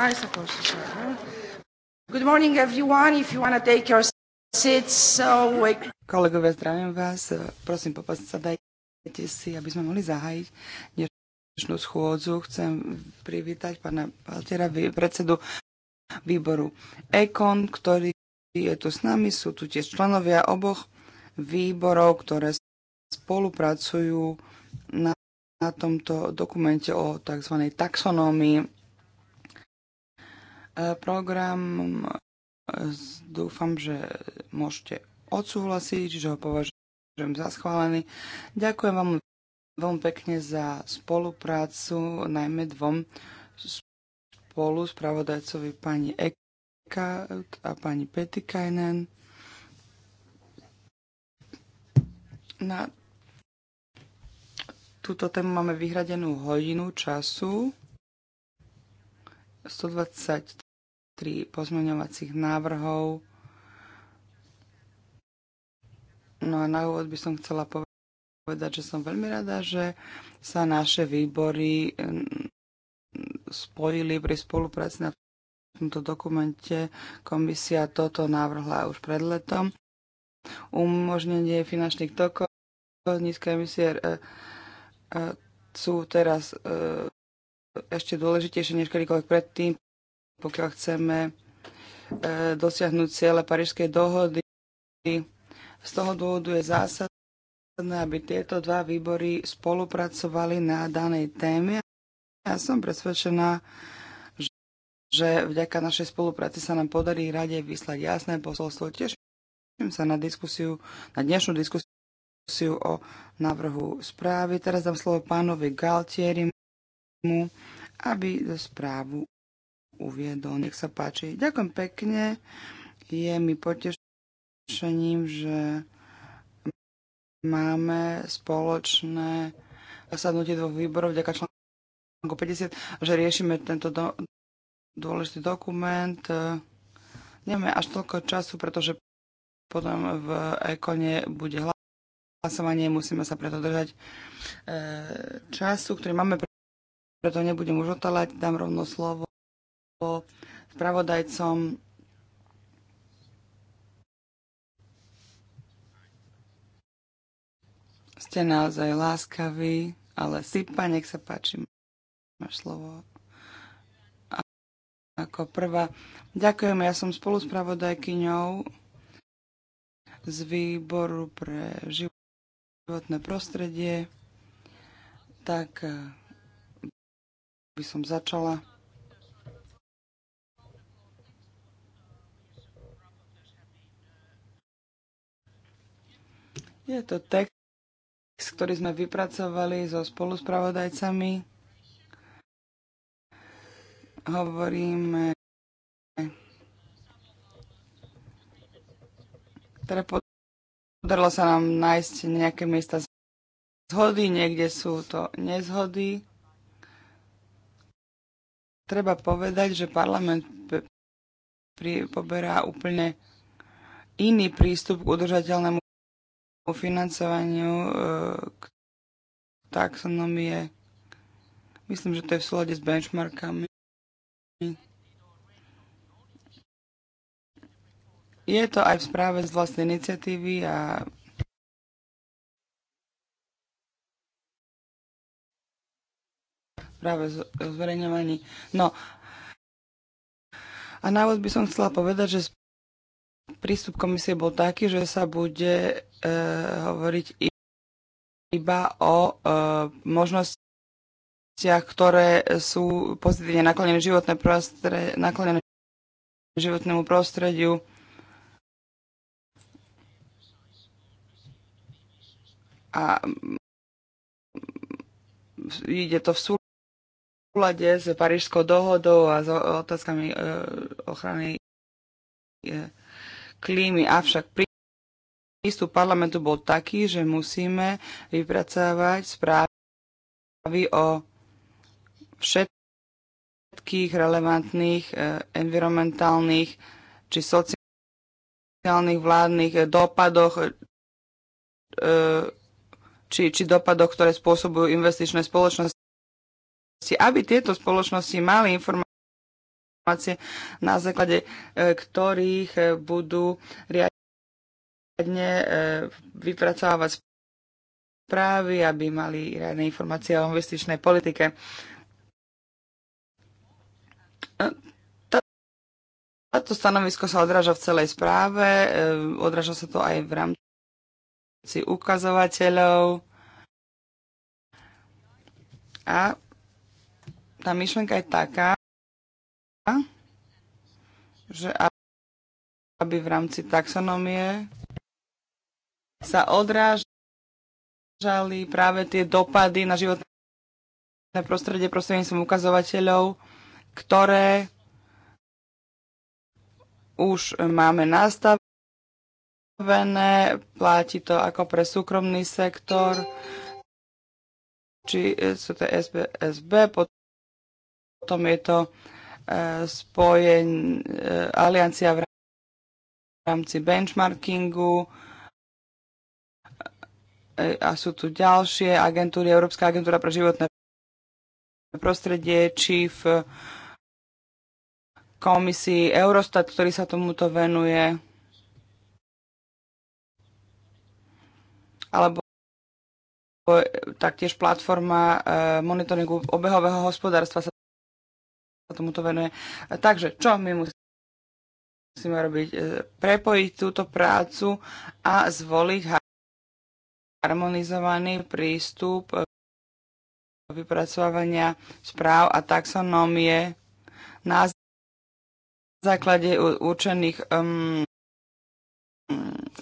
I suppose to start, huh? Good morning everyone, if you want to take your seats, so we... Kolegovia, zdravím vás. Prosím, popasť sa dajte si, aby sme mohli zahájiť dnešnú schôdzu. Chcem privítať pána Valtera, predsedu výboru EKON, ktorý je tu s nami. Sú tu tiež členovia oboch výborov, ktoré spolupracujú na na tomto dokumente o tzv. taxonómii E, program e, dúfam, že môžete odsúhlasiť, že ho považujem za schválený. Ďakujem vám veľmi pekne za spoluprácu, najmä dvom spolu spravodajcovi pani Eka a pani Petikajnen. Na túto tému máme vyhradenú hodinu času. 120 tri pozmeňovacích návrhov. No a na úvod by som chcela povedať, že som veľmi rada, že sa naše výbory spojili pri spolupráci na tomto dokumente. Komisia toto navrhla už pred letom. Umožnenie finančných tokov, nízke emisie e, e, sú teraz e, ešte dôležitejšie než kedykoľvek predtým, pokiaľ chceme e, dosiahnuť ciele Parížskej dohody. Z toho dôvodu je zásadné, aby tieto dva výbory spolupracovali na danej téme. Ja som presvedčená, že vďaka našej spolupráci sa nám podarí rade vyslať jasné posolstvo. Teším sa na diskusiu, na dnešnú diskusiu o návrhu správy. Teraz dám slovo pánovi Galtierimu, aby správu uviedol. Nech sa páči. Ďakujem pekne. Je mi potešením, že máme spoločné zasadnutie dvoch výborov vďaka článku 50, že riešime tento do, dôležitý dokument. Nemáme až toľko času, pretože potom v ekone bude hlasovanie, musíme sa preto držať e, času, ktorý máme, preto nebudem už otáľať, dám rovno slovo bol spravodajcom Ste naozaj láskaví, ale sypa, nech sa páči, máš slovo ako prvá. Ďakujem, ja som spoluspravodajkyňou z výboru pre životné prostredie. Tak eh, by som začala. Je to text, ktorý sme vypracovali so spoluspravodajcami. Hovoríme teda podarilo sa nám nájsť nejaké miesta zhody, niekde sú to nezhody. Treba povedať, že parlament poberá úplne iný prístup k udržateľnému o financovaniu e, taxonomie. Myslím, že to je v súlade s benchmarkami. Je to aj v správe z vlastnej iniciatívy a práve o zverejňovaní. No a návod by som chcela povedať, že prístup komisie bol taký, že sa bude e, hovoriť iba o e, možnostiach, ktoré sú pozitívne naklonené, životné prostredie, naklonené životnému prostrediu. A mm, ide to v súlade s Parížskou dohodou a s otázkami e, ochrany e, klímy. Avšak prístup parlamentu bol taký, že musíme vypracávať správy o všetkých relevantných e, environmentálnych či sociálnych vládnych e, dopadoch e, či, či dopadoch, ktoré spôsobujú investičné spoločnosti, aby tieto spoločnosti mali informáciu informácie, na základe e, ktorých e, budú riadne e, vypracovávať správy, aby mali riadne informácie o investičnej politike. Toto stanovisko sa odráža v celej správe, odráža sa to aj v rámci ukazovateľov. A tá myšlenka je taká, že aby v rámci taxonomie sa odrážali práve tie dopady na životné prostredie prostredníctvom ukazovateľov, ktoré už máme nastavené, platí to ako pre súkromný sektor, či sú to SB, SB potom je to spojeň, e, aliancia v rámci benchmarkingu e, a sú tu ďalšie agentúry, Európska agentúra pre životné prostredie, či v komisii Eurostat, ktorý sa tomuto venuje, alebo e, taktiež platforma monitoringu obehového hospodárstva sa tomuto venuje. Takže čo my musíme robiť? E, prepojiť túto prácu a zvoliť harmonizovaný prístup e, vypracovania správ a taxonómie na základe určených um,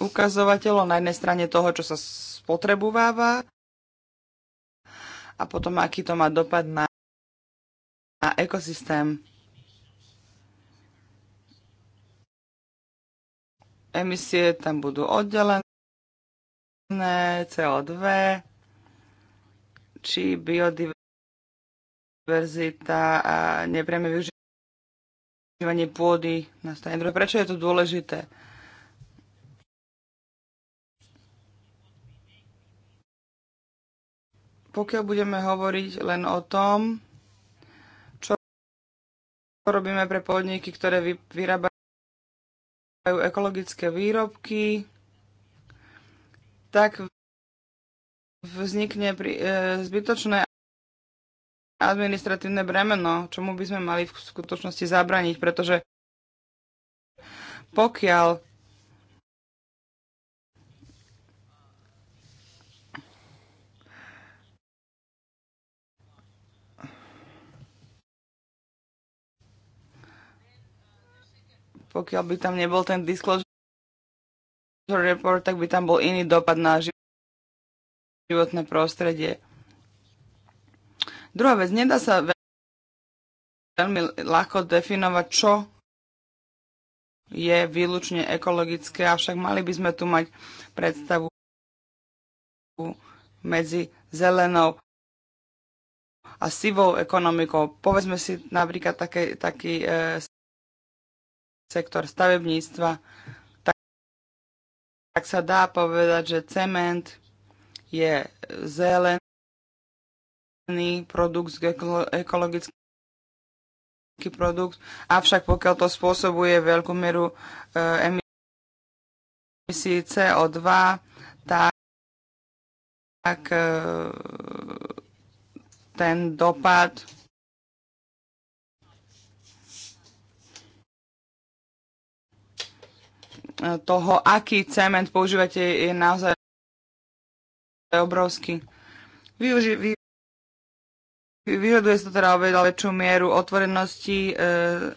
ukazovateľov na jednej strane toho, čo sa spotrebováva a potom aký to má dopad na a ekosystém. Emisie tam budú oddelené, CO2, či biodiverzita a nepriame využívanie pôdy na stane druhé. Prečo je to dôležité? Pokiaľ budeme hovoriť len o tom, robíme pre podniky, ktoré vyrábajú ekologické výrobky, tak vznikne e, zbytočné administratívne bremeno, čomu by sme mali v skutočnosti zabraniť, pretože pokiaľ pokiaľ by tam nebol ten disclosure report, tak by tam bol iný dopad na životné prostredie. Druhá vec, nedá sa veľmi ľahko definovať, čo je výlučne ekologické, avšak mali by sme tu mať predstavu medzi zelenou a sivou ekonomikou. Povedzme si napríklad také, taký e, sektor stavebníctva, tak, tak sa dá povedať, že cement je zelený produkt, ekologický produkt, avšak pokiaľ to spôsobuje veľkú mieru e, emisí CO2, tak, e, ten dopad toho, aký cement používate, je naozaj obrovský. Využi- vy- vyžaduje sa teda oveľa väčšiu mieru otvorenosti. E-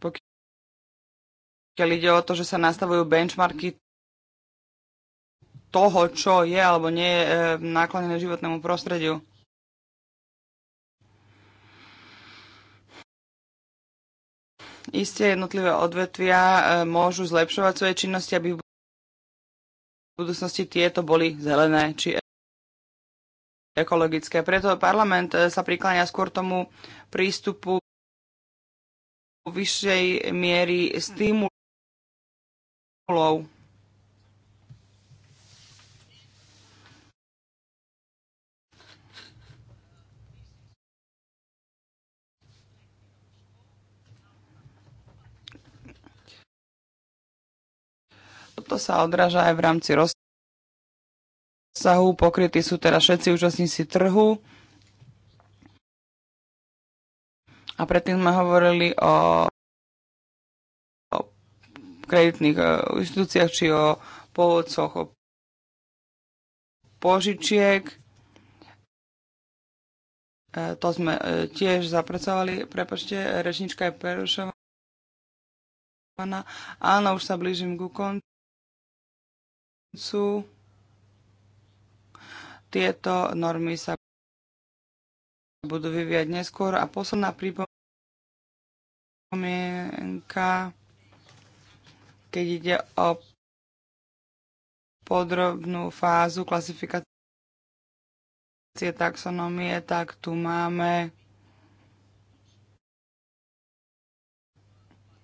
pokiaľ ide o to, že sa nastavujú benchmarky toho, čo je alebo nie je e, naklonené životnému prostrediu. Isté jednotlivé odvetvia e, môžu zlepšovať svoje činnosti, aby v budúcnosti tieto boli zelené či e- ekologické. Preto parlament sa prikláňa skôr tomu prístupu vyššej miery stimulov To sa odráža aj v rámci rozsahu. Pokrytí sú teda všetci účastníci trhu. A predtým sme hovorili o, o kreditných e, inštitúciách či o pôvodcoch o požičiek. E, to sme e, tiež zapracovali. Prepačte, rečnička je prerušovaná. Áno, už sa blížim ku koncu sú tieto normy sa budú vyvíjať neskôr. A posledná pripomienka, keď ide o podrobnú fázu klasifikácie taxonomie, tak tu máme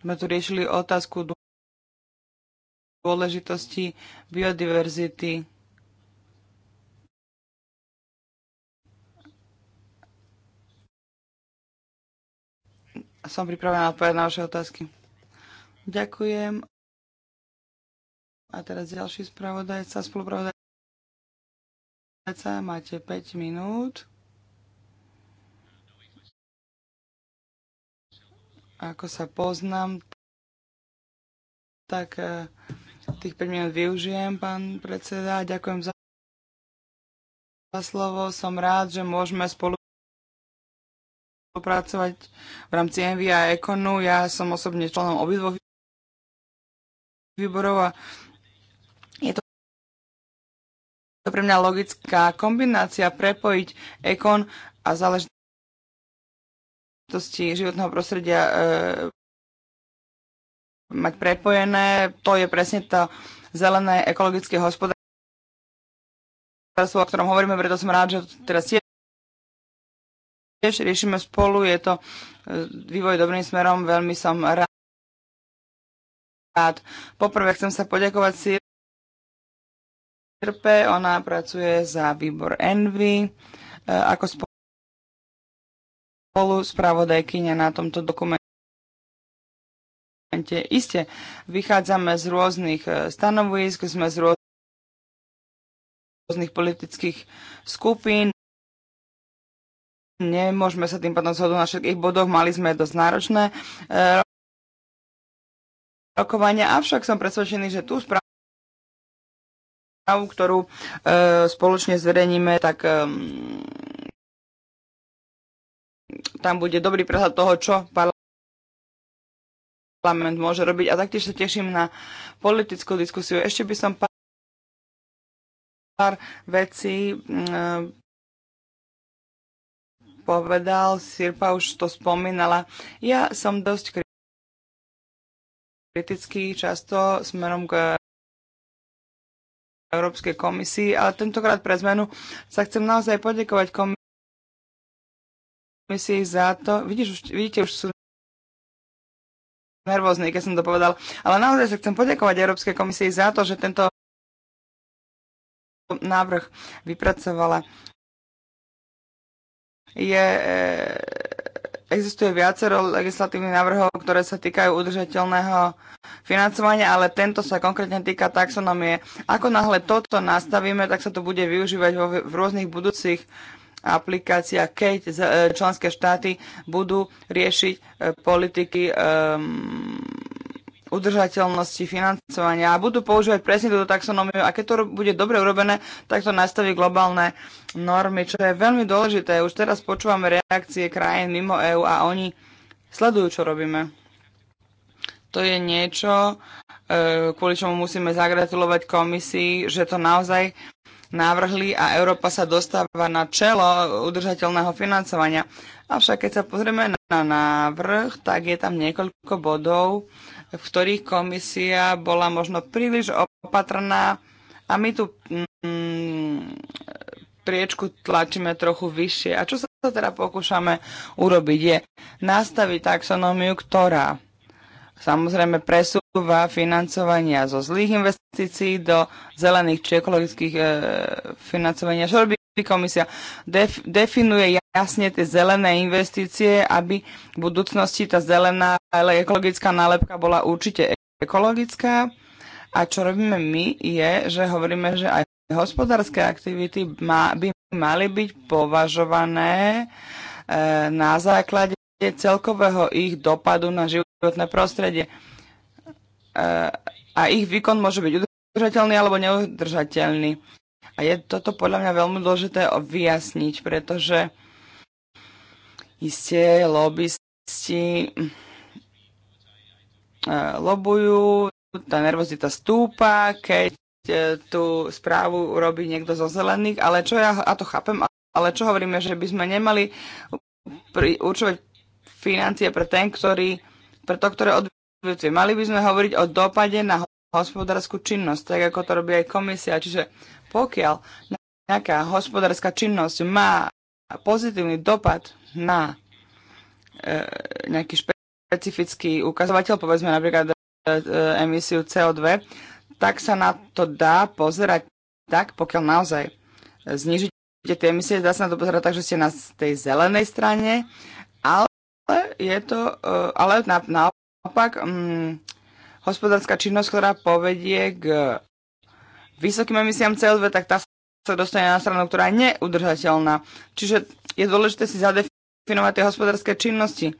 sme tu riešili otázku dôležitosti biodiverzity. Som pripravená odpovedať na vaše otázky. Ďakujem. A teraz ďalší spravodajca, spolupravodajca. Máte 5 minút. ako sa poznám, tak eh, Tých 5 minút využijem, pán predseda. Ďakujem za slovo. Som rád, že môžeme spolu spolupracovať v rámci Envy a Econu. Ja som osobne členom obidvoch výborov a je to pre mňa logická kombinácia prepojiť Econ a záležitosti životného prostredia e, mať prepojené. To je presne to zelené ekologické hospodárstvo, o ktorom hovoríme, preto som rád, že teraz je tiež riešime spolu, je to e, vývoj dobrým smerom, veľmi som rád. Poprvé chcem sa poďakovať Sirpe, ona pracuje za výbor Envy e, ako spolu spravodajkyňa na tomto dokumente parlamente. Isté, vychádzame z rôznych e, stanovisk, sme z rôznych politických skupín. Nemôžeme sa tým potom zhodnúť na všetkých bodoch, mali sme dosť náročné e, rokovania, avšak som presvedčený, že tú správu správu, ktorú e, spoločne zverejníme, tak tam bude dobrý prehľad toho, čo parlament parlament môže robiť. A taktiež sa teším na politickú diskusiu. Ešte by som pár vecí mm, e, povedal, Sirpa už to spomínala. Ja som dosť kritický často smerom k Európskej komisii, ale tentokrát pre zmenu sa chcem naozaj podiekovať komisii za to. Vidíš, už, vidíte, už sú nervózny, keď som to povedal. Ale naozaj sa chcem poďakovať Európskej komisii za to, že tento návrh vypracovala. Je, e, existuje viacero legislatívnych návrhov, ktoré sa týkajú udržateľného financovania, ale tento sa konkrétne týka taxonomie. Ako náhle toto nastavíme, tak sa to bude využívať vo, v rôznych budúcich aplikácia, keď e, členské štáty budú riešiť e, politiky e, udržateľnosti financovania a budú používať presne túto taxonómiu a keď to bude dobre urobené, tak to nastaví globálne normy, čo je veľmi dôležité. Už teraz počúvame reakcie krajín mimo EÚ a oni sledujú, čo robíme. To je niečo, kvôli čomu musíme zagratulovať komisii, že to naozaj navrhli a Európa sa dostáva na čelo udržateľného financovania. Avšak keď sa pozrieme na návrh, tak je tam niekoľko bodov, v ktorých komisia bola možno príliš opatrná a my tu mm, priečku tlačíme trochu vyššie. A čo sa teda pokúšame urobiť je nastaviť taxonómiu, ktorá samozrejme presúva financovania zo zlých investícií do zelených či ekologických e, financovania. Čo robí komisia? Def, definuje jasne tie zelené investície, aby v budúcnosti tá zelená ale ekologická nálepka bola určite ekologická. A čo robíme my je, že hovoríme, že aj hospodárske aktivity má, by mali byť považované e, na základe celkového ich dopadu na životné prostredie. E, a ich výkon môže byť udržateľný alebo neudržateľný. A je toto podľa mňa veľmi dôležité vyjasniť, pretože isté lobbysti e, lobujú, tá nervozita stúpa, keď e, tú správu robí niekto zo zelených, ale čo ja, a to chápem, ale čo hovoríme, že by sme nemali pri, určovať financie pre ten, ktorý, pre to, ktoré odvetvie. Mali by sme hovoriť o dopade na hospodárskú činnosť, tak ako to robí aj komisia. Čiže pokiaľ nejaká hospodárska činnosť má pozitívny dopad na e, nejaký špecifický ukazovateľ, povedzme napríklad e, emisiu CO2, tak sa na to dá pozerať tak, pokiaľ naozaj znižíte tie emisie, dá sa na to pozerať tak, že ste na tej zelenej strane je to, e, ale naopak, um, hospodárska činnosť, ktorá povedie k vysokým emisiám CO2, tak tá sa dostane na stranu, ktorá je neudržateľná. Čiže je dôležité si zadefinovať tie hospodárske činnosti. E,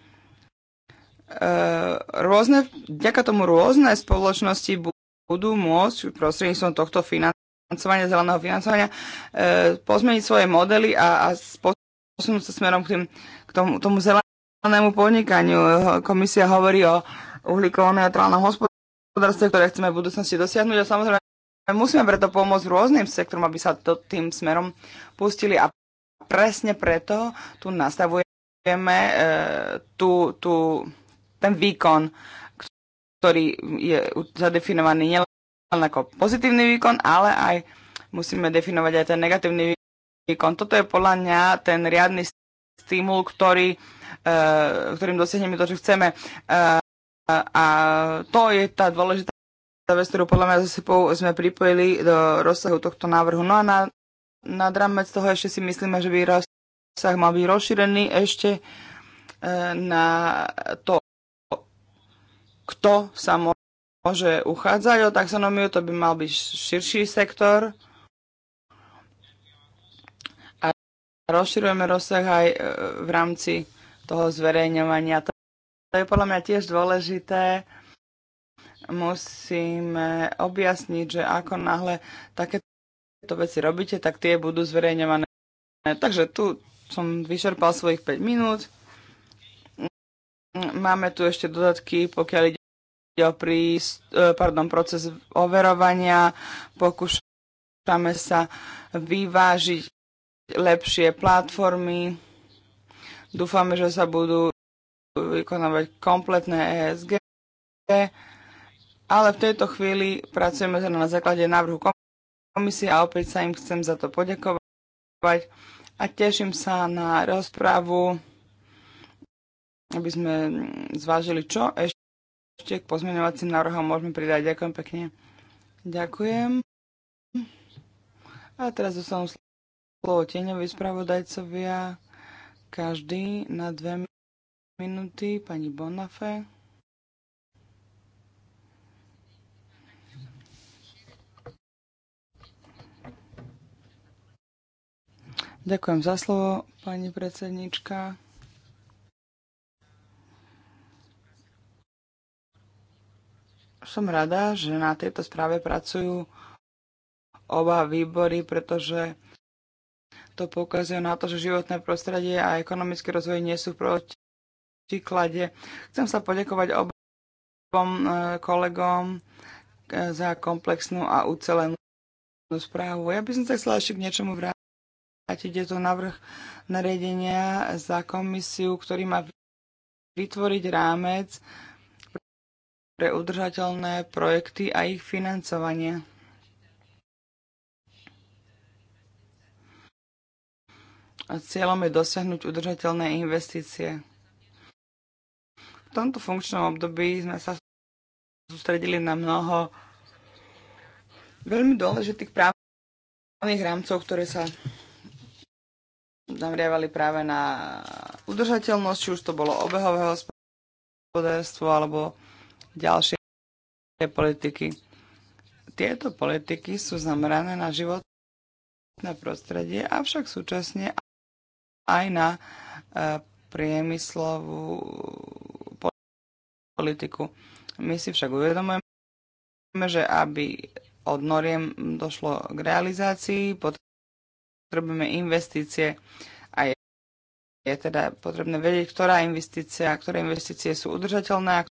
rôzne, vďaka tomu rôzne spoločnosti budú môcť prostredníctvom tohto financovania, zeleného financovania, e, pozmeniť svoje modely a, a posunúť sa smerom k, tým, k tomu, tomu zeleného sociálnemu podnikaniu. Eh, komisia hovorí o uhlíkovom neutrálnom hospodárstve, ktoré chceme v budúcnosti dosiahnuť a samozrejme musíme preto pomôcť rôznym sektorom, aby sa to tým smerom pustili a presne preto tu nastavujeme e, tú, tú, ten výkon, ktorý je zadefinovaný nielen ako pozitívny výkon, ale aj musíme definovať aj ten negatívny výkon. Toto je podľa mňa ten riadny stimul, ktorý Eh, ktorým dosiahneme to, čo chceme. Eh, a to je tá dôležitá vec, ktorú podľa mňa zase po, sme pripojili do rozsahu tohto návrhu. No a na, na dramec toho ešte si myslíme, že by rozsah mal byť rozšírený ešte eh, na to, kto sa môže uchádzať o taxonómiu, to by mal byť širší sektor. A rozširujeme rozsah aj v rámci toho zverejňovania. To je podľa mňa tiež dôležité. Musíme objasniť, že ako náhle takéto veci robíte, tak tie budú zverejňované. Takže tu som vyčerpal svojich 5 minút. Máme tu ešte dodatky, pokiaľ ide o prís, e, pardon, proces overovania. Pokúšame sa vyvážiť lepšie platformy Dúfame, že sa budú vykonávať kompletné ESG, ale v tejto chvíli pracujeme teda na základe návrhu komisie a opäť sa im chcem za to poďakovať a teším sa na rozprávu, aby sme zvážili, čo ešte k pozmeňovacím návrhom môžeme pridať. Ďakujem pekne. Ďakujem. A teraz dostanú slovo tieňovi spravodajcovia. Každý na dve minúty. Pani Bonafé. Ďakujem za slovo, pani predsednička. Som rada, že na tejto správe pracujú oba výbory, pretože to poukazuje na to, že životné prostredie a ekonomický rozvoj nie sú proti príklade. Chcem sa poďakovať obom e, kolegom e, za komplexnú a ucelenú správu. Ja by som sa chcela ešte k niečomu vrátiť. Je to navrh nariadenia za komisiu, ktorý má vytvoriť rámec pre udržateľné projekty a ich financovanie. a Cieľom je dosiahnuť udržateľné investície. V tomto funkčnom období sme sa sústredili na mnoho veľmi dôležitých právnych rámcov, ktoré sa zamriavali práve na udržateľnosť, či už to bolo obehové hospodárstvo alebo ďalšie politiky. Tieto politiky sú zamerané na životné prostredie, avšak súčasne aj na eh, priemyslovú politiku. My si však uvedomujeme, že aby od noriem došlo k realizácii, potrebujeme investície a je, je teda potrebné vedieť, ktorá investícia, ktoré investície sú udržateľné a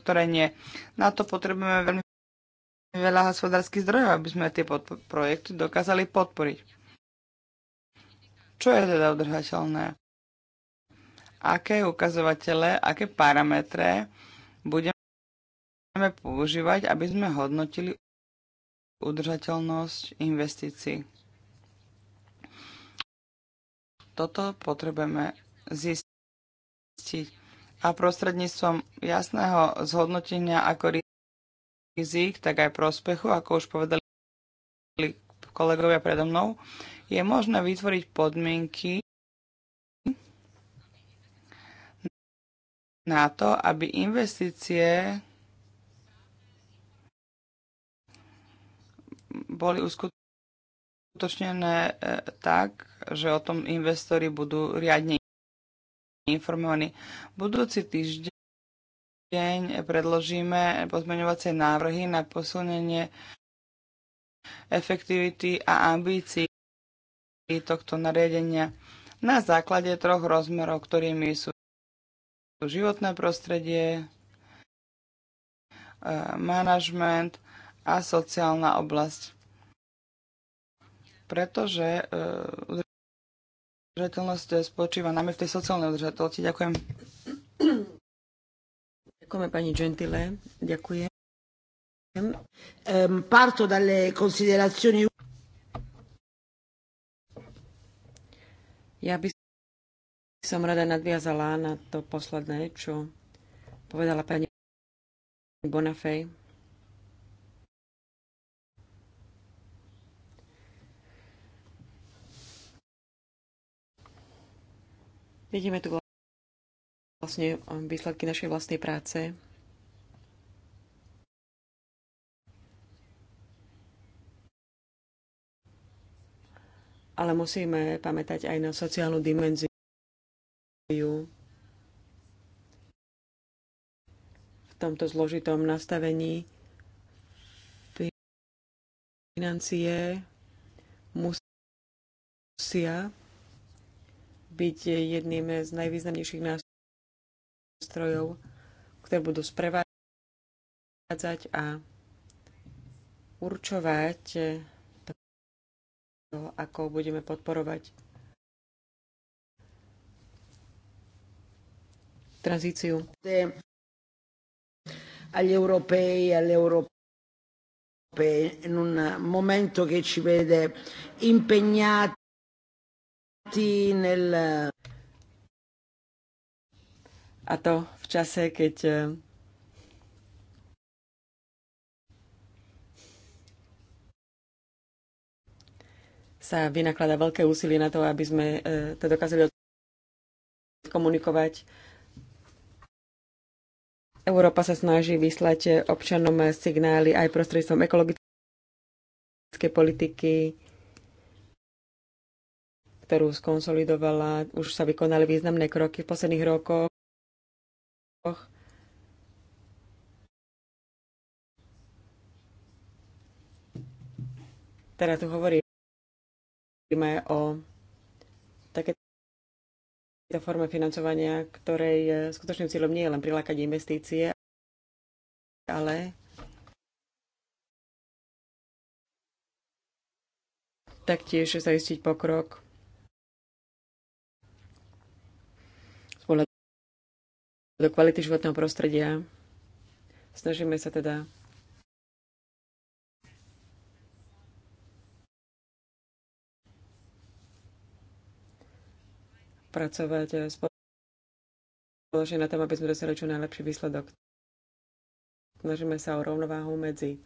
ktoré nie. Na to potrebujeme veľmi veľa hospodárskych zdrojov, aby sme tie projekty dokázali podporiť. Čo je teda udržateľné? Aké ukazovatele, aké parametre budeme používať, aby sme hodnotili udržateľnosť investícií? Toto potrebujeme zistiť a prostredníctvom jasného zhodnotenia ako rizik, tak aj prospechu, ako už povedali kolegovia predo mnou, je možné vytvoriť podmienky na to, aby investície boli uskutočnené e, tak, že o tom investori budú riadne informovaní. Budúci týždeň predložíme pozmeňovacie návrhy na posilnenie efektivity a ambícií tohto nariadenia na základe troch rozmerov, ktorými sú životné prostredie, e, manažment a sociálna oblasť. Pretože e, udržateľnosť spočíva najmä v tej sociálnej udržateľnosti. Ďakujem. Ďakujeme pani Gentile. Ďakujem. Ehm, parto dalle considerazioni Ja by som rada nadviazala na to posledné, čo povedala pani Bonafej. Vidíme tu vlastne výsledky našej vlastnej práce. ale musíme pamätať aj na sociálnu dimenziu. V tomto zložitom nastavení financie musia byť jedným z najvýznamnejších nástrojov, ktoré budú sprevádzať a určovať to ako budeme podporovať tranzíciu. Agli europei, alle europee, in un momento che ci vede impegnati nel... A to v čase, keď eh, sa vynakladá veľké úsilie na to, aby sme e, to dokázali komunikovať. Európa sa snaží vyslať občanom signály aj prostredstvom ekologické politiky, ktorú skonsolidovala. Už sa vykonali významné kroky v posledných rokoch. Teraz tu hovorí hovoríme o také forme financovania, ktorej skutočným cieľom nie je len prilákať investície, ale taktiež zaistiť pokrok z pohľadu do kvality životného prostredia. Snažíme sa teda pracovať eh, spoločne na tom, aby sme dosiahli čo najlepší výsledok. Snažíme sa o rovnováhu medzi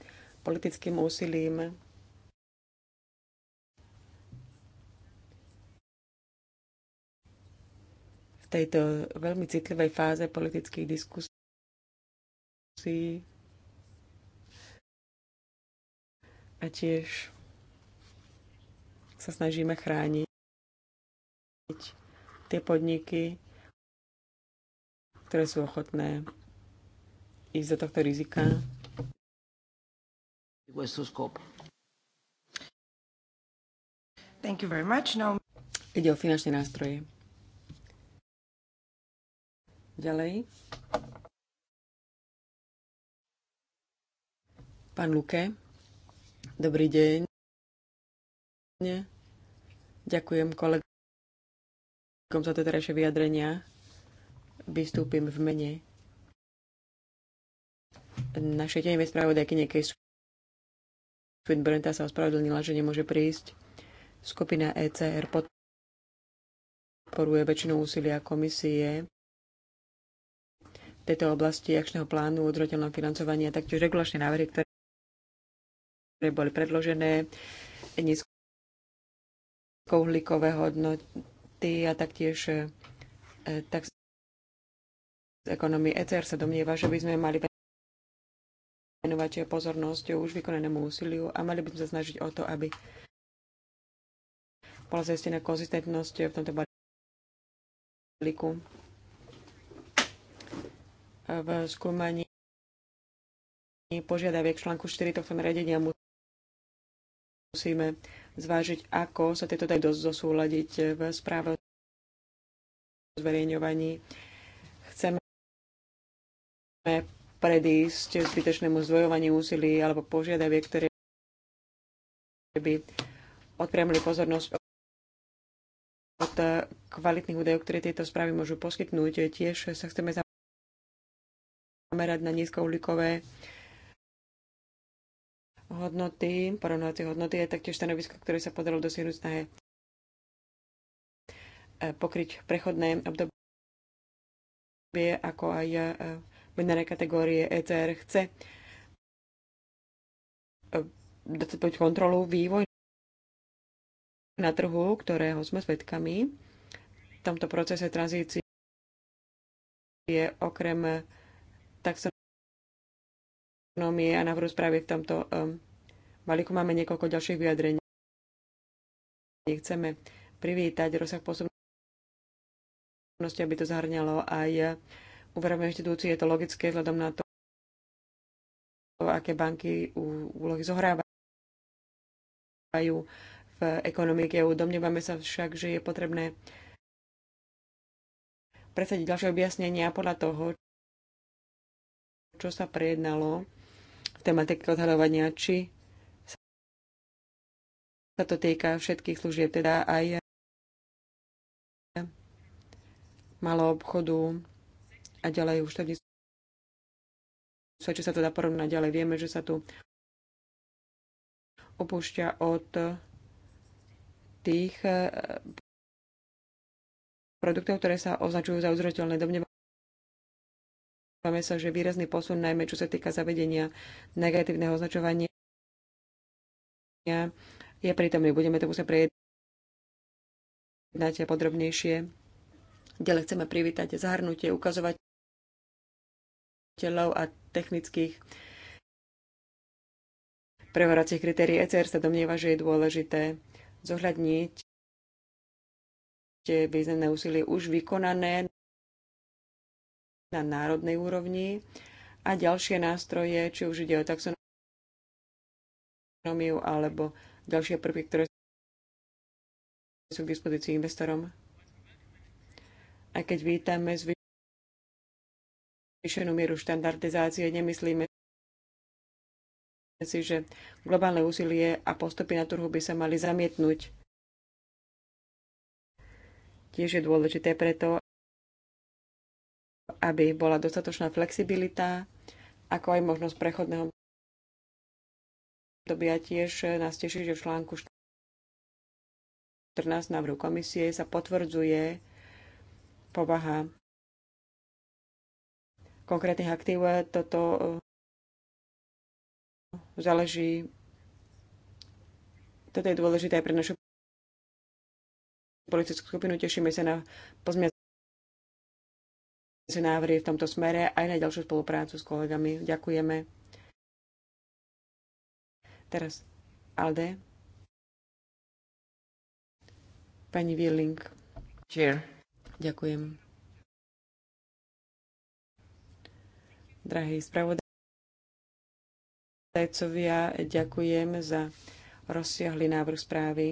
politickým úsilím v tejto veľmi citlivej fáze politických diskusí a tiež sa snažíme chrániť tie podniky, ktoré sú ochotné ísť do tohto rizika. Thank you very much. Ide o finančné nástroje. Ďalej. Pán Luke, dobrý deň. Ďakujem kolegom za doterajšie vyjadrenia vystúpim v mene našej tenevej spravodajky niekej Swinburne sa ospravedlnila, že nemôže prísť. Skupina ECR podporuje väčšinu úsilia komisie v tejto oblasti akčného plánu udržateľného financovania, taktiež regulačné návrhy, ktoré ktoré boli predložené, nízkouhlíkové hodnoty, platy a taktiež e, tak z ekonomii ECR sa domnieva, že by sme mali venovať pozornosť už vykonanému úsiliu a mali by sme sa snažiť o to, aby bola zaistená konzistentnosť v tomto balíku. V skúmaní požiadaviek článku 4 tohto nariadenia musíme zvážiť, ako sa tieto dajú zosúľadiť v správe o zverejňovaní. Chceme predísť zbytečnému zdvojovaniu úsilí alebo požiadavie, ktoré by odpriamili pozornosť od kvalitných údajov, ktoré tieto správy môžu poskytnúť. Tiež sa chceme zamerať na nízkouhlíkové hodnoty, porovnávacie hodnoty je taktiež stanovisko, ktoré sa podarilo dosiahnuť snahe e, pokryť prechodné obdobie, ako aj binárne kategórie ECR chce dostať kontrolu vývoj na trhu, ktorého sme svedkami. V tomto procese tranzície je okrem takto ekonomie a návrhu správy v tomto um, balíku máme niekoľko ďalších vyjadrení. Chceme privítať rozsah pôsobnosti, aby to zahrňalo aj uh, úverové inštitúcie. Je to logické vzhľadom na to, aké banky úlohy zohrávajú v ekonomike Domnievame sa však, že je potrebné presadiť ďalšie objasnenia podľa toho, čo sa prejednalo tematiky odhalovania, či sa to týka všetkých služieb, teda aj malého obchodu a ďalej už to vnís... čo sa to dá teda porovnať ďalej. Vieme, že sa tu opúšťa od tých eh, produktov, ktoré sa označujú za uzrateľné. Máme sa, že výrazný posun, najmä čo sa týka zavedenia negatívneho označovania, je prítomný. Budeme to musieť prejednať podrobnejšie. Ďalej chceme privítať zahrnutie ukazovateľov a technických prehoracích kritérií. ECR sa domnieva, že je dôležité zohľadniť významné úsilie už vykonané na národnej úrovni a ďalšie nástroje, či už ide o taxonómiu alebo ďalšie prvky, ktoré sú k dispozícii investorom. A keď vítame zvýšenú mieru štandardizácie, nemyslíme si, že globálne úsilie a postupy na trhu by sa mali zamietnúť. Tiež je dôležité preto, aby bola dostatočná flexibilita, ako aj možnosť prechodného dobia tiež nás teší, že v článku 14 návrhu komisie sa potvrdzuje povaha konkrétnych aktív. Toto eh, záleží toto je dôležité aj pre našu politickú skupinu. Tešíme sa na pozmiac návrhy v tomto smere aj na ďalšiu spoluprácu s kolegami. Ďakujeme. Teraz Alde. Pani Willing. Chair. Ďakujem. Drahí spravodajcovia, ďakujem za rozsiahly návrh správy.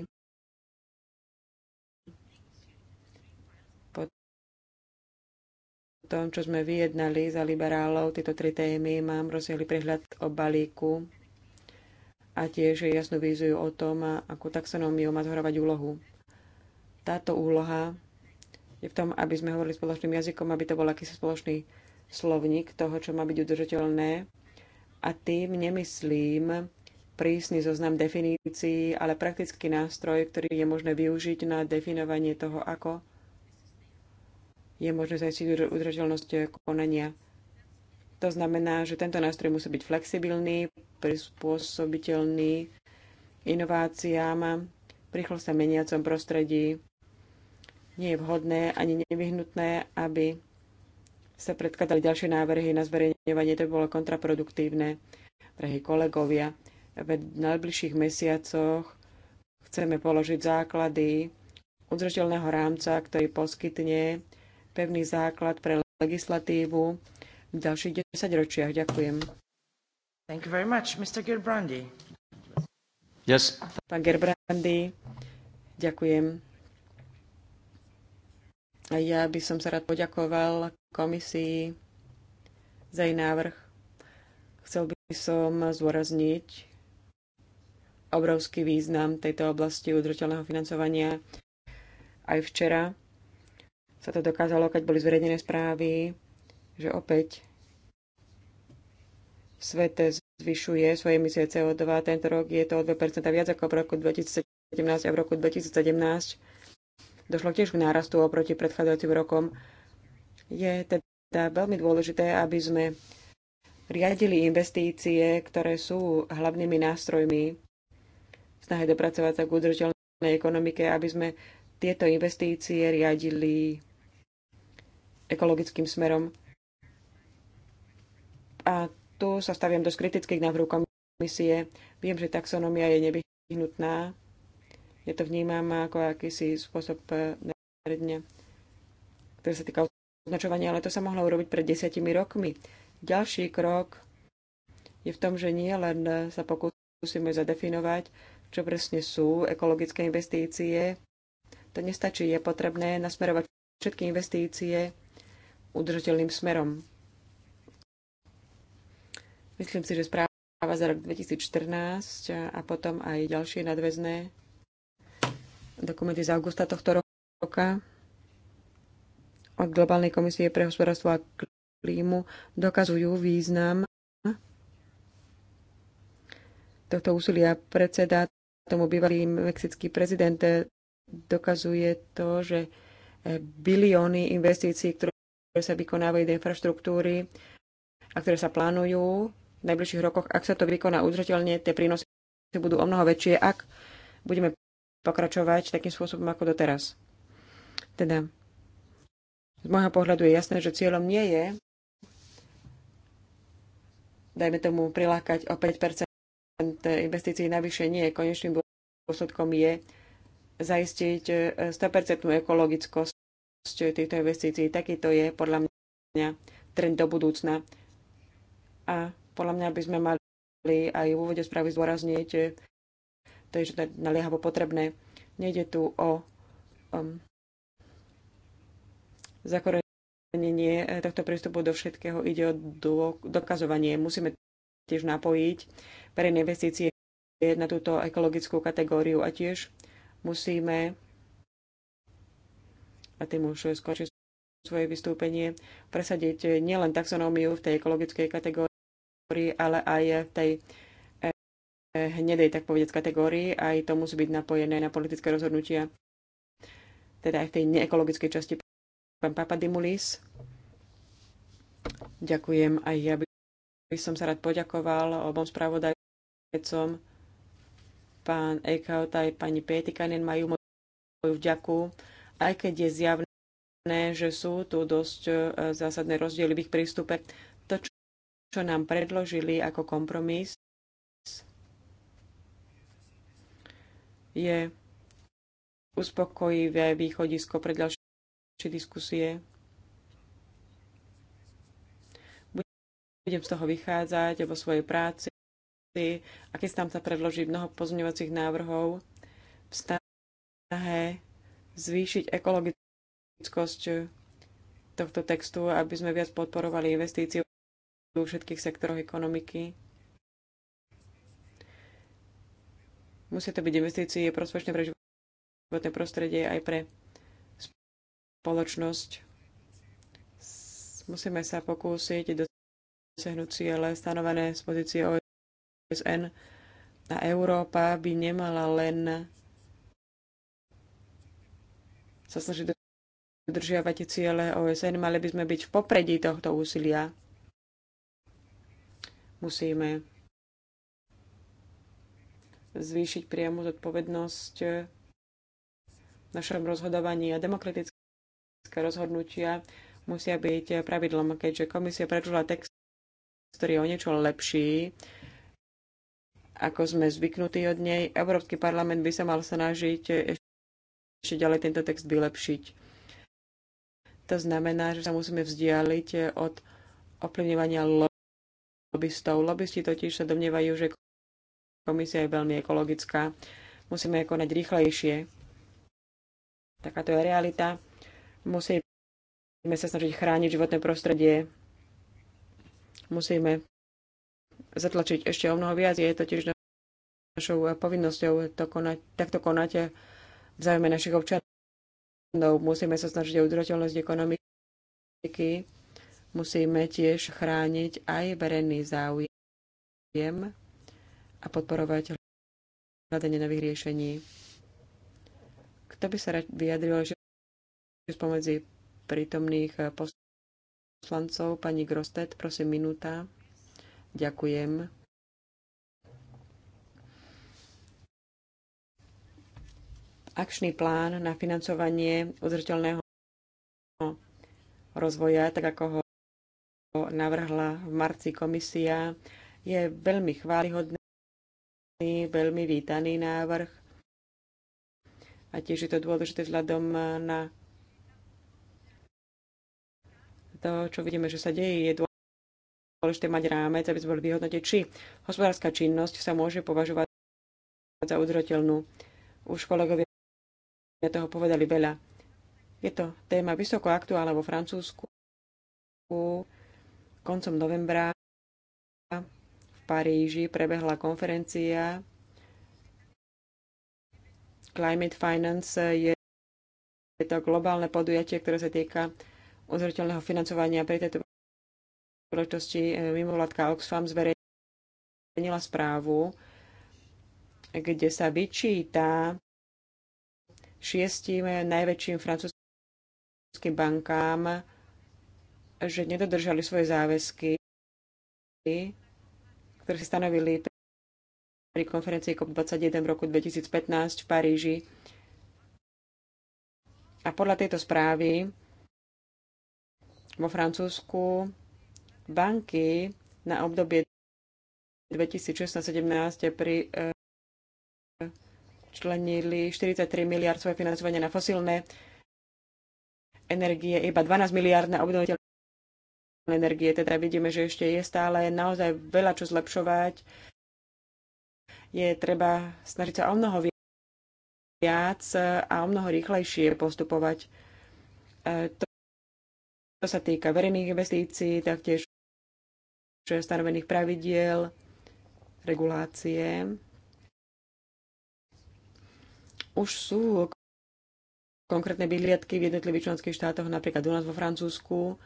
tom, čo sme vyjednali za liberálov, tieto tri témy, mám rozsiahly prehľad o balíku a tiež jasnú víziu o tom, akú taxonómiu má zohrávať úlohu. Táto úloha je v tom, aby sme hovorili spoločným jazykom, aby to bol akýsi spoločný slovník toho, čo má byť udržateľné. A tým nemyslím prísny zoznam definícií, ale praktický nástroj, ktorý je možné využiť na definovanie toho, ako je možné zajistiť udržateľnosť eh, konania. To znamená, že tento nástroj musí byť flexibilný, prispôsobiteľný inováciám, rýchlo sa meniacom prostredí. Nie je vhodné ani nevyhnutné, aby sa predkladali ďalšie návrhy na zverejňovanie. To by bolo kontraproduktívne. Drahí kolegovia, v najbližších mesiacoch chceme položiť základy udržateľného rámca, ktorý poskytne pevný základ pre legislatívu v ďalších 10 ročiach. Ďakujem. Thank you very much, Mr. Gerbrandy. Yes. Pán Gerbrandy, ďakujem. A ja by som sa rád poďakoval komisii za jej návrh. Chcel by som zdôrazniť obrovský význam tejto oblasti udržateľného financovania aj včera sa to dokázalo, keď boli zverejnené správy, že opäť svet zvyšuje svoje emisie CO2. Tento rok je to o 2% viac ako v roku 2017 a v roku 2017 došlo tiež k nárastu oproti predchádzajúcim rokom. Je teda veľmi dôležité, aby sme riadili investície, ktoré sú hlavnými nástrojmi snahy dopracovať sa k udržateľnej ekonomike, aby sme tieto investície riadili ekologickým smerom. A tu sa staviam dosť kriticky k návrhu komisie. Viem, že taxonomia je nevyhnutná. Ja to vnímam ako akýsi spôsob eh, neredne, ktorý sa týka označovania, ale to sa mohlo urobiť pred desiatimi rokmi. Ďalší krok je v tom, že nie len sa pokúsime zadefinovať, čo presne sú ekologické investície. To nestačí, je potrebné nasmerovať všetky investície udržateľným smerom. Myslím si, že správa za rok 2014 a potom aj ďalšie nadväzné dokumenty z augusta tohto roka od Globálnej komisie pre hospodárstvo a klímu dokazujú význam tohto úsilia predseda tomu bývalý mexický prezident dokazuje to, že bilióny investícií, ktoré ktoré sa vykonávajú do infraštruktúry a ktoré sa plánujú v najbližších rokoch, ak sa to vykoná udržateľne, tie prínosy budú o mnoho väčšie, ak budeme pokračovať takým spôsobom ako doteraz. Teda, z môjho pohľadu je jasné, že cieľom nie je, dajme tomu, prilákať o 5 investícií navyše nie. Konečným dôsledkom je zaistiť 100% ekologickosť týchto investícií. Takýto je podľa mňa trend do budúcna. A podľa mňa by sme mali aj v úvode správy zdôrazniť, e, to je naliehavo potrebné. Nejde tu o um, zakorenenie e, tohto prístupu do všetkého, ide o dokazovanie. Musíme tiež napojiť verejné investície na túto ekologickú kategóriu a tiež musíme a tým už skončím svoje vystúpenie, presadiť nielen taxonómiu v tej ekologickej kategórii, ale aj v tej eh, hnedej, tak povedať, kategórii. Aj to musí byť napojené na politické rozhodnutia, teda aj v tej neekologickej časti. Pán Papadimulis, ďakujem aj ja by som sa rád poďakoval obom spravodajcom. Pán Eichhout aj pani Pietikanen majú moju vďaku aj keď je zjavné, že sú tu dosť e, zásadné rozdiely v ich prístupe. To, čo nám predložili ako kompromis, je uspokojivé východisko pre ďalšie diskusie. Budem z toho vychádzať vo svojej práci a keď tam sa predloží mnoho pozmeňovacích návrhov v snahe zvýšiť ekologickosť tohto textu, aby sme viac podporovali investíciu vo všetkých sektoroch ekonomiky. Musia to byť investície prospešné pre životné prostredie aj pre spoločnosť. Musíme sa pokúsiť dosiahnuť ciele stanovené z pozície OSN a Európa by nemala len sa snaží dodržiavať ciele OSN, mali by sme byť v popredí tohto úsilia. Musíme zvýšiť priamu zodpovednosť v našom rozhodovaní a demokratické rozhodnutia musia byť pravidlom, keďže komisia predložila text, ktorý je o niečo lepší, ako sme zvyknutí od nej. Európsky parlament by sa mal snažiť ešte ďalej tento text vylepšiť. To znamená, že sa musíme vzdialiť od ovplyvňovania lobbystov. Lobbysti totiž sa domnievajú, že komisia je veľmi ekologická. Musíme konať rýchlejšie. Takáto je realita. Musíme sa snažiť chrániť životné prostredie. Musíme zatlačiť ešte o mnoho viac. Je totiž našou povinnosťou to konať, takto konať v záujme našich občanov. Musíme sa snažiť o udržateľnosť ekonomiky, musíme tiež chrániť aj verejný záujem a podporovať hľadanie nových riešení. Kto by sa vyjadril, že spomedzi prítomných poslancov, pani Grostet, prosím minúta. Ďakujem. akčný plán na financovanie udržateľného rozvoja, tak ako ho navrhla v marci komisia, je veľmi chválihodný, veľmi vítaný návrh. A tiež je to dôležité vzhľadom na to, čo vidíme, že sa deje. Je dôležité mať rámec, aby sme boli vyhodnotiť, či hospodárska činnosť sa môže považovať za udržateľnú. Už kolegovia sme toho povedali veľa. Je to téma vysoko aktuálna vo Francúzsku. Koncom novembra v Paríži prebehla konferencia Climate Finance je to globálne podujatie, ktoré sa týka uzriteľného financovania pri tejto spoločnosti eh, mimovládka Oxfam zverejnila správu, kde sa vyčíta šiestim najväčším francúzským bankám, že nedodržali svoje záväzky, ktoré si stanovili pri konferencii COP21 v roku 2015 v Paríži. A podľa tejto správy vo Francúzsku banky na obdobie 2016-2017 pri členili 43 miliard svoje financovanie na fosílne energie, iba 12 miliard na obnoviteľné energie. Teda vidíme, že ešte je stále naozaj veľa čo zlepšovať. Je treba snažiť sa o mnoho viac a o mnoho rýchlejšie postupovať. E, to, to sa týka verejných investícií, taktiež stanovených pravidiel, regulácie. Už sú konkrétne bydliatky v jednotlivých členských štátoch, napríklad u nás vo Francúzsku.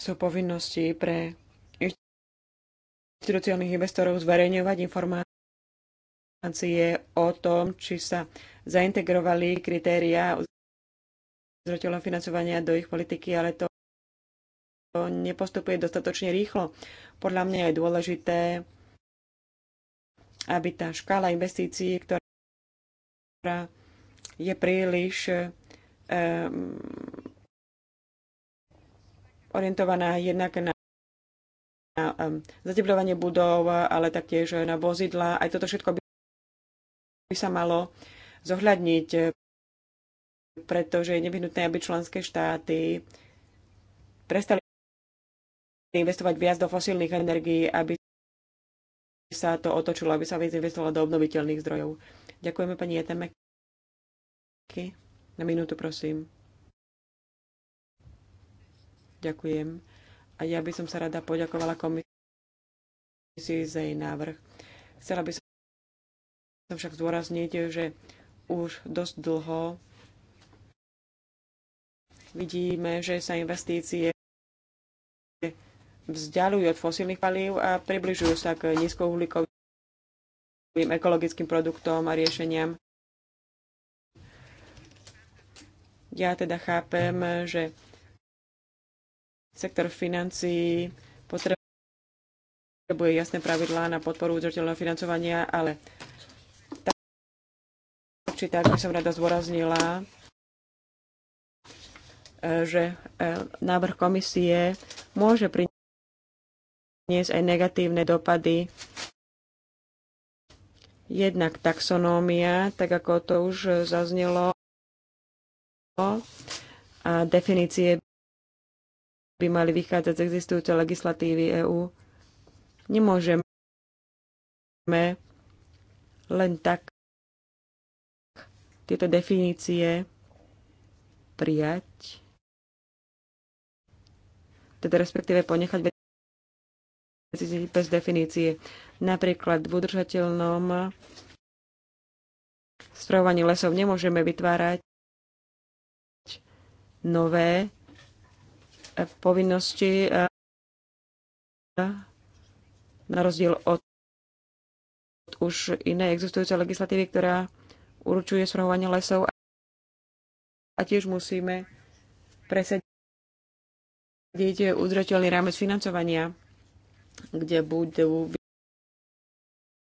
Sú povinnosti pre inštitúciálnych investorov zverejňovať informácie o tom, či sa zaintegrovali kritéria zreteľom financovania do ich politiky, ale to nepostupuje dostatočne rýchlo. Podľa mňa je dôležité, aby tá škála investícií, ktorá je príliš um, orientovaná jednak na na zateplovanie budov, ale taktiež na vozidla. Aj toto všetko by sa malo zohľadniť, pretože je nevyhnutné, aby členské štáty prestali investovať viac do fosílnych energií, aby sa to otočilo, aby sa viac investovalo do obnoviteľných zdrojov. Ďakujeme pani Jetemeky. Na minútu, prosím. Ďakujem. A ja by som sa rada poďakovala komisii za jej návrh. Chcela by som však zdôrazniť, že už dosť dlho vidíme, že sa investície vzdialujú od fosílnych palív a približujú sa k nízkouhlíkovým ekologickým produktom a riešeniam. Ja teda chápem, že sektor financií potrebuje jasné pravidlá na podporu udržateľného financovania, ale tak či tak by som rada zdôraznila, že eh, návrh komisie môže priniesť dnes aj negatívne dopady. Jednak taxonómia, tak ako to už zaznelo, a definície by mali vychádzať z existujúcej legislatívy EÚ. Nemôžeme len tak tieto definície prijať, teda respektíve ponechať bez definície. Napríklad v udržateľnom spravovaní lesov nemôžeme vytvárať nové povinnosti eh, na rozdiel od už inej existujúcej legislatívy, ktorá určuje spravovanie lesov a tiež musíme presadiť udržateľný rámec financovania kde budú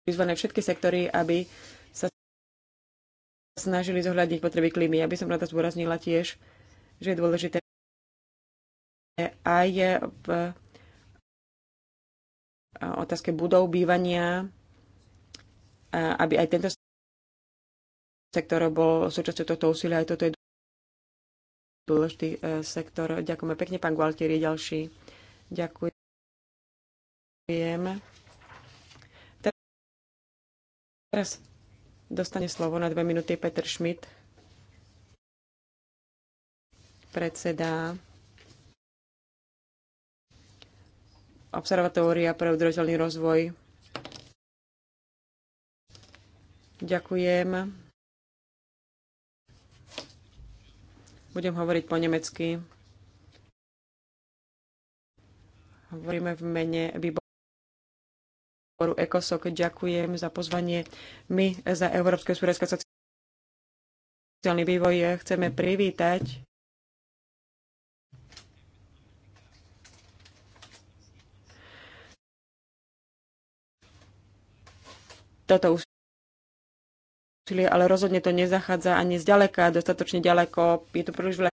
vyzvané všetky sektory, aby sa snažili zohľadniť potreby klímy. Ja by som rada zdôraznila tiež, že je dôležité aj v otázke budov, bývania, aby aj tento sektor bol súčasťou tohto úsilia. Aj toto je dôležitý e, sektor. Ďakujeme pekne. Pán Gualtier je ďalší. Ďakujem. Ďakujem. Teraz dostane slovo na dve minúty Peter Schmidt, predseda Observatória pre udržateľný rozvoj. Ďakujem. Budem hovoriť po nemecky. Hovoríme v mene výboru výboru ECOSOC. Ďakujem za pozvanie. My za Európske hospodárske sociálny vývoj chceme privítať toto úsilie, ale rozhodne to nezachádza ani zďaleka, dostatočne ďaleko. Je tu príliš veľa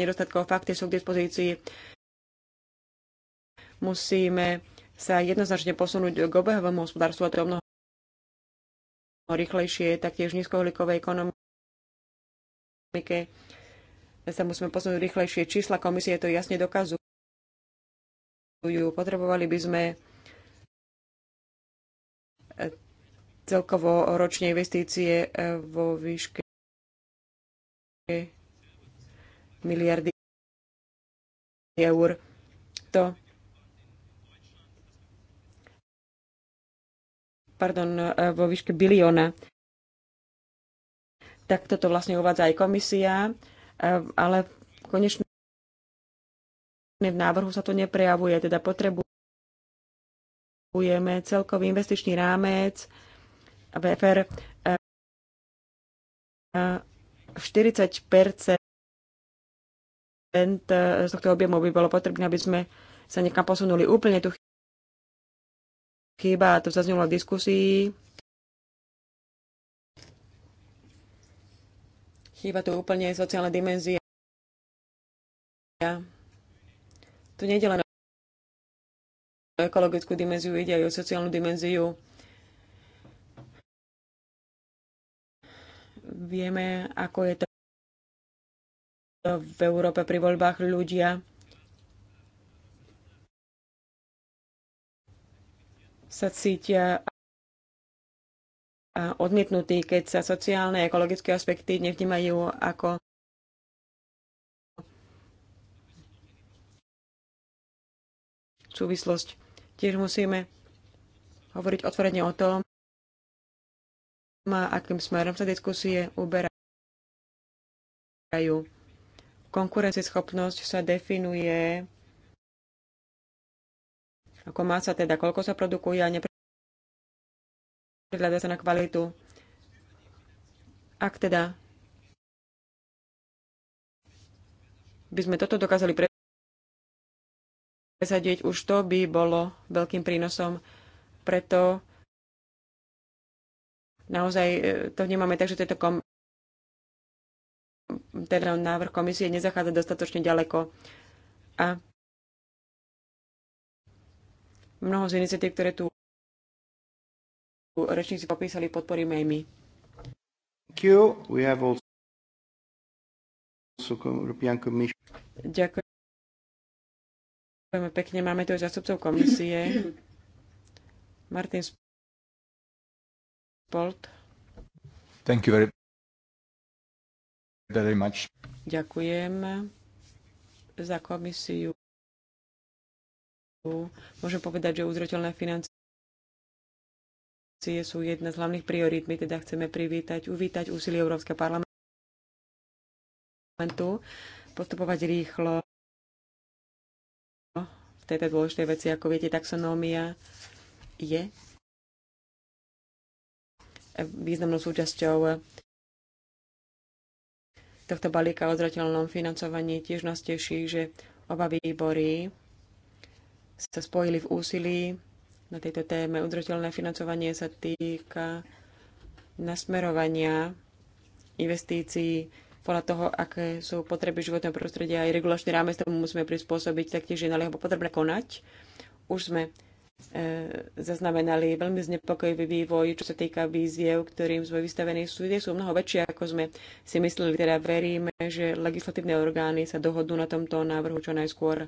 nedostatkov, fakty sú k dispozícii. Musíme sa jednoznačne posunúť k obehovému hospodárstvu a to je mnoho rýchlejšie, taktiež nízkoholikovej ekonomike sa musíme posunúť rýchlejšie. Čísla komisie to jasne dokazujú. Potrebovali by sme celkovo ročne investície e, vo výške miliardy eur. To pardon, e, vo výške bilióna. Tak toto vlastne uvádza aj komisia, e, ale v v návrhu sa to neprejavuje, teda potrebujeme celkový investičný rámec VFR 40 e, z tohto objemu by bolo potrebné, aby sme sa niekam posunuli úplne. Tu chýba, a to zaznelo v diskusii, chýba tu úplne sociálna dimenzia. Tu nejde len o ekologickú dimenziu, ide aj o sociálnu dimenziu. Vieme, ako je to v Európe pri voľbách ľudia sa cítia odmietnutí, keď sa sociálne a ekologické aspekty nevnímajú ako súvislosť. Tiež musíme hovoriť otvorene o tom, akým smerom sa diskusie uberajú. Konkurencieschopnosť sa definuje ako má sa teda, koľko sa produkuje a nepredľada sa na kvalitu. Ak teda by sme toto dokázali presadiť, už to by bolo veľkým prínosom. Preto naozaj e, to vnímame tak, že tento kom- teda návrh komisie nezachádza dostatočne ďaleko. A Mnoho z iniciatív, ktoré tu rečníci popísali, podporíme aj my. Ďakujeme pekne. Máme tu aj zastupcov komisie. Martin Spolt. Thank you very, very much. Ďakujem za komisiu Môžem povedať, že uzrateľné financie sú jedna z hlavných priorít. My teda chceme privítať, uvítať úsilie Európskeho parlamentu, postupovať rýchlo v tejto dôležitej veci, ako viete, taxonómia je významnou súčasťou tohto balíka o zrateľnom financovaní tiež nás teší, že oba výbory sa spojili v úsilí na tejto téme. Udržateľné financovanie sa týka nasmerovania investícií podľa toho, aké sú potreby životného prostredia aj regulačný rámec, tomu musíme prispôsobiť, taktiež je naliehavo potrebné konať. Už sme e, zaznamenali veľmi znepokojivý vývoj, čo sa týka výziev, ktorým sme vystavení. Sú, sú mnoho väčšie, ako sme si mysleli. Teda veríme, že legislatívne orgány sa dohodnú na tomto návrhu čo najskôr.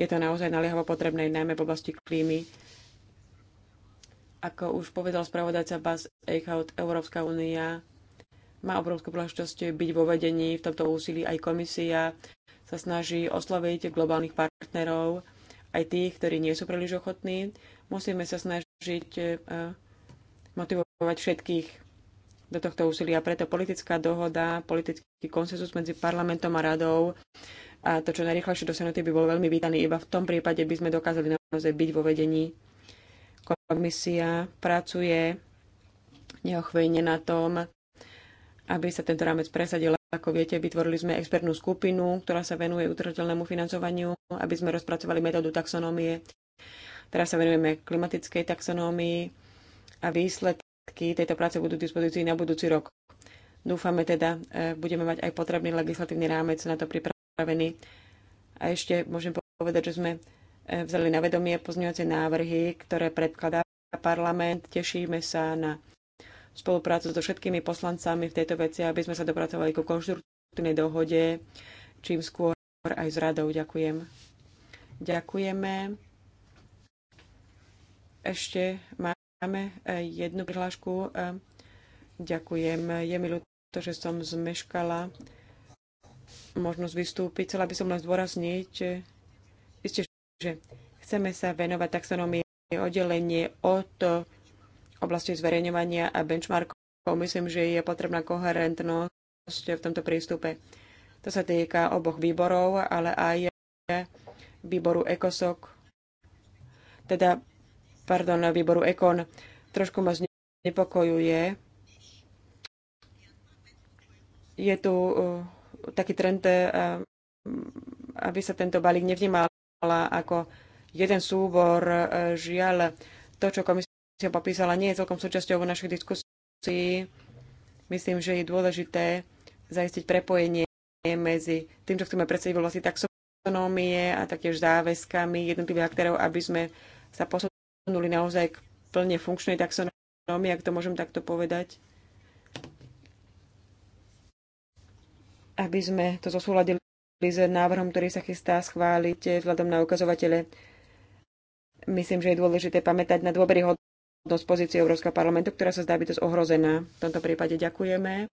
Je to naozaj naliehavo potrebné, najmä v oblasti klímy. Ako už povedal spravodajca Bas Eichhout, Európska únia má obrovskú príležitosť byť vo vedení v tomto úsilí. Aj komisia sa snaží osloviť globálnych partnerov, aj tých, ktorí nie sú príliš ochotní. Musíme sa snažiť eh, motivovať všetkých do tohto úsilia. Preto politická dohoda, politický konsenzus medzi parlamentom a radou a to, čo najrychlejšie dosiahnutie by bol veľmi vítaný. Iba v tom prípade by sme dokázali naozaj byť vo vedení. Komisia pracuje neochvejne na tom, aby sa tento rámec presadil. Ako viete, vytvorili sme expertnú skupinu, ktorá sa venuje udržateľnému financovaniu, aby sme rozpracovali metódu taxonómie. Teraz sa venujeme klimatickej taxonómii a výsledky tejto práce budú k dispozícii na budúci rok. Dúfame teda, eh, budeme mať aj potrebný legislatívny rámec na to pripravený pripravení. A ešte môžem povedať, že sme e, vzali na vedomie pozňujúce návrhy, ktoré predkladá parlament. Tešíme sa na spoluprácu so všetkými poslancami v tejto veci, aby sme sa dopracovali ku konštruktívnej dohode, čím skôr aj s radou. Ďakujem. Ďakujeme. Ešte máme e, jednu prihlášku. E, ďakujem. Je mi ľúto, že som zmeškala možnosť vystúpiť. Chcela by som len zdôrazniť, že, že chceme sa venovať taxonomie oddelenie od oblasti zverejňovania a benchmarkov. Myslím, že je potrebná koherentnosť v tomto prístupe. To sa týka oboch výborov, ale aj výboru ECOSOC, teda, pardon, výboru ECON. Trošku ma znepokojuje. Je tu e, taký trend, eh, eh, aby sa tento balík nevnímal ako jeden súbor. Eh, žiaľ, to, čo komisia popísala, nie je celkom súčasťou našich diskusí. Myslím, že je dôležité zaistiť prepojenie medzi tým, čo chceme predstaviť v taxonómie a taktiež záväzkami jednotlivých aktérov, aby sme sa posunuli naozaj k plne funkčnej taxonómii, ak to môžem takto povedať. aby sme to zosúladili s návrhom, ktorý sa chystá schváliť vzhľadom na ukazovatele. Myslím, že je dôležité pamätať na dôveryhodnosť pozície Európskeho parlamentu, ktorá sa zdá byť dosť ohrozená. V tomto prípade ďakujeme.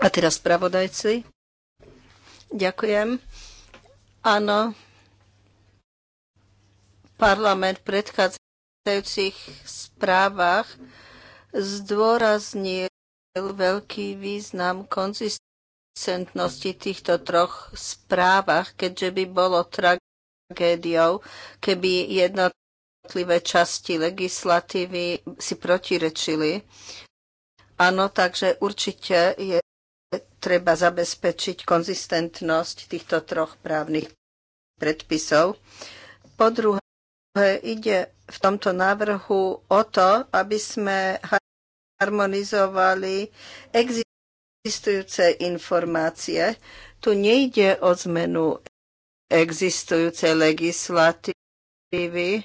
A teraz spravodajci. Ďakujem. Áno, parlament predchádza predchádzajúcich správach zdôraznil veľký význam konzistentnosti týchto troch správach, keďže by bolo tragédiou, keby jednotlivé časti legislatívy si protirečili. Áno, takže určite je treba zabezpečiť konzistentnosť týchto troch právnych predpisov. Po druhé, ide v tomto návrhu o to, aby sme harmonizovali existujúce informácie. Tu nejde o zmenu existujúcej legislatívy,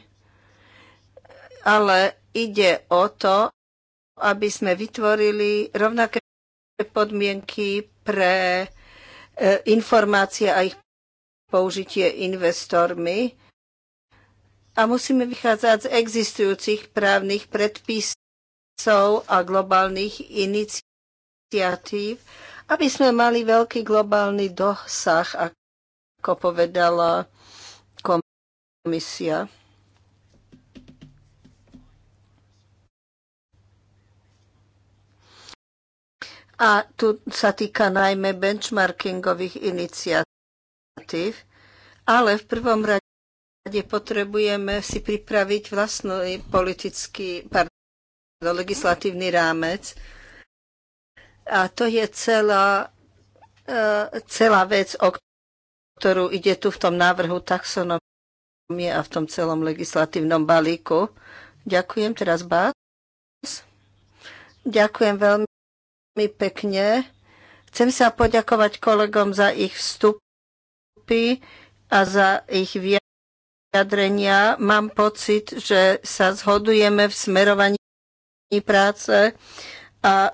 ale ide o to, aby sme vytvorili rovnaké podmienky pre e, informácie a ich použitie investormi a musíme vychádzať z existujúcich právnych predpisov a globálnych iniciatív, aby sme mali veľký globálny dosah, ako povedala komisia. A tu sa týka najmä benchmarkingových iniciatív, ale v prvom rade kde potrebujeme si pripraviť vlastný politický, pardon, legislatívny rámec. A to je celá, e, celá vec, o ktorú ide tu v tom návrhu taxonomie a v tom celom legislatívnom balíku. Ďakujem teraz, Bás. Ďakujem veľmi pekne. Chcem sa poďakovať kolegom za ich vstupy a za ich viac vyjadrenia mám pocit, že sa zhodujeme v smerovaní práce a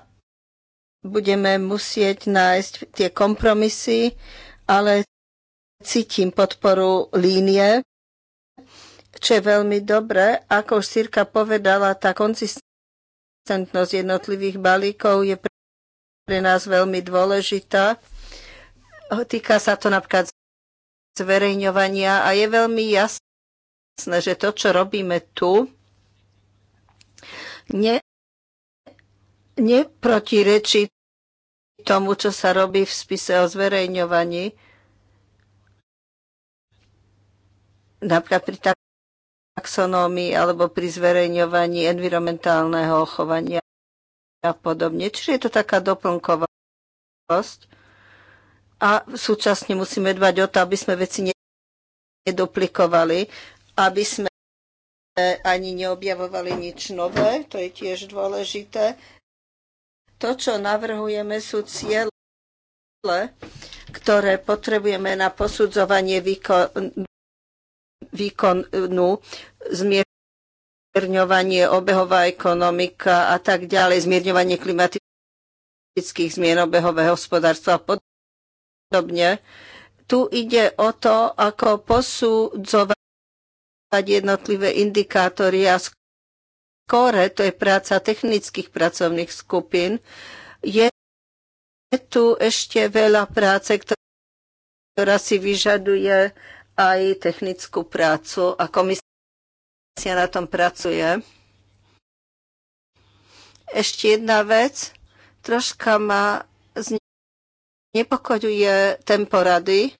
budeme musieť nájsť tie kompromisy, ale cítim podporu línie, čo je veľmi dobré. Ako už Sirka povedala, tá konzistentnosť jednotlivých balíkov je pre nás veľmi dôležitá. Týka sa to napríklad zverejňovania a je veľmi jasné, jasné, že to, čo robíme tu, ne, neprotirečí tomu, čo sa robí v spise o zverejňovaní. Napríklad pri taxonómii alebo pri zverejňovaní environmentálneho chovania a podobne. Čiže je to taká doplnkovosť. A súčasne musíme dbať o to, aby sme veci neduplikovali aby sme ani neobjavovali nič nové, to je tiež dôležité. To, čo navrhujeme, sú ciele, ktoré potrebujeme na posudzovanie výkonu, zmierňovanie obehová ekonomika a tak ďalej, zmierňovanie klimatických zmien, obehového hospodárstva a podobne. Tu ide o to, ako posudzovať jednotlivé indikátory a skore, to je práca technických pracovných skupín, je tu ešte veľa práce, ktorá si vyžaduje aj technickú prácu a komisia na tom pracuje. Ešte jedna vec, troška ma znepokojuje tempo rady,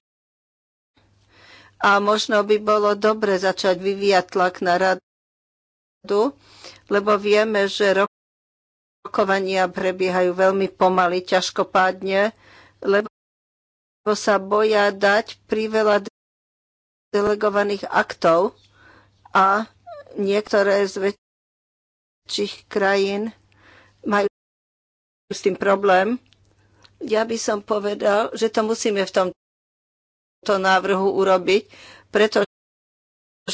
a možno by bolo dobre začať vyvíjať tlak na radu, lebo vieme, že rokovania prebiehajú veľmi pomaly, ťažkopádne, lebo sa boja dať priveľa delegovaných aktov a niektoré z väčších krajín majú s tým problém. Ja by som povedal, že to musíme v tom tomto návrhu urobiť, pretože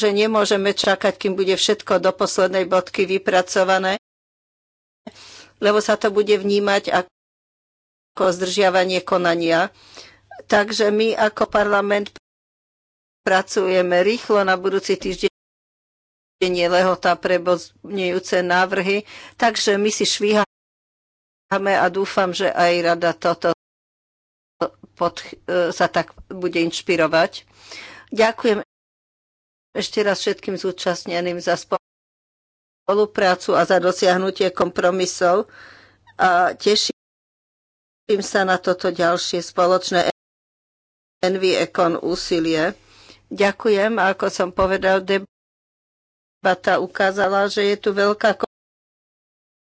nemôžeme čakať, kým bude všetko do poslednej bodky vypracované, lebo sa to bude vnímať ako zdržiavanie konania. Takže my ako parlament pracujeme rýchlo na budúci týždeň nie lehota pre bodňujúce návrhy, takže my si švíhame a dúfam, že aj rada toto pod, e, sa tak bude inšpirovať. Ďakujem ešte raz všetkým zúčastneným za spoluprácu a za dosiahnutie kompromisov a teším sa na toto ďalšie spoločné Envy Econ úsilie. Ďakujem a ako som povedal, debata ukázala, že je tu veľká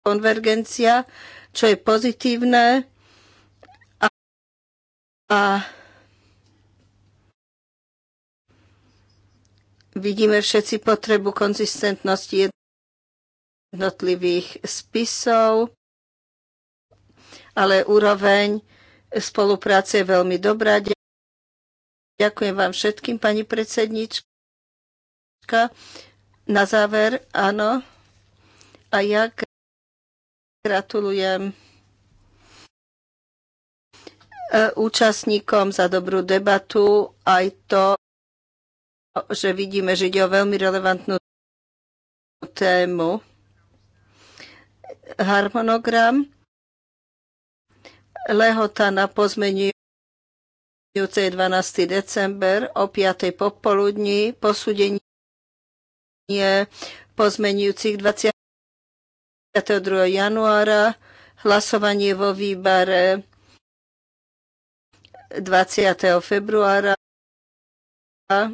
konvergencia, čo je pozitívne a vidíme všetci potrebu konzistentnosti jednotlivých spisov, ale úroveň spolupráce je veľmi dobrá. Ďakujem vám všetkým, pani predsednička. Na záver, áno. A ja gratulujem. E, účastníkom za dobrú debatu, aj to, že vidíme, že ide o veľmi relevantnú tému. Harmonogram lehota na pozmenie 12. december o 5. popoludní, posúdenie pozmenujúcich 22. januára, hlasovanie vo výbare 20. februára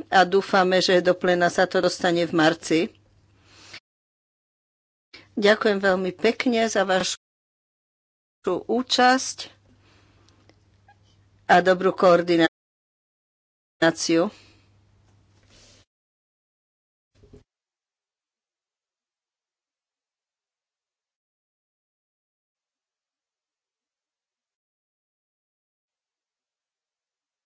a dúfame, že do plena sa to dostane v marci. Ďakujem veľmi pekne za vašu účasť a dobrú koordináciu.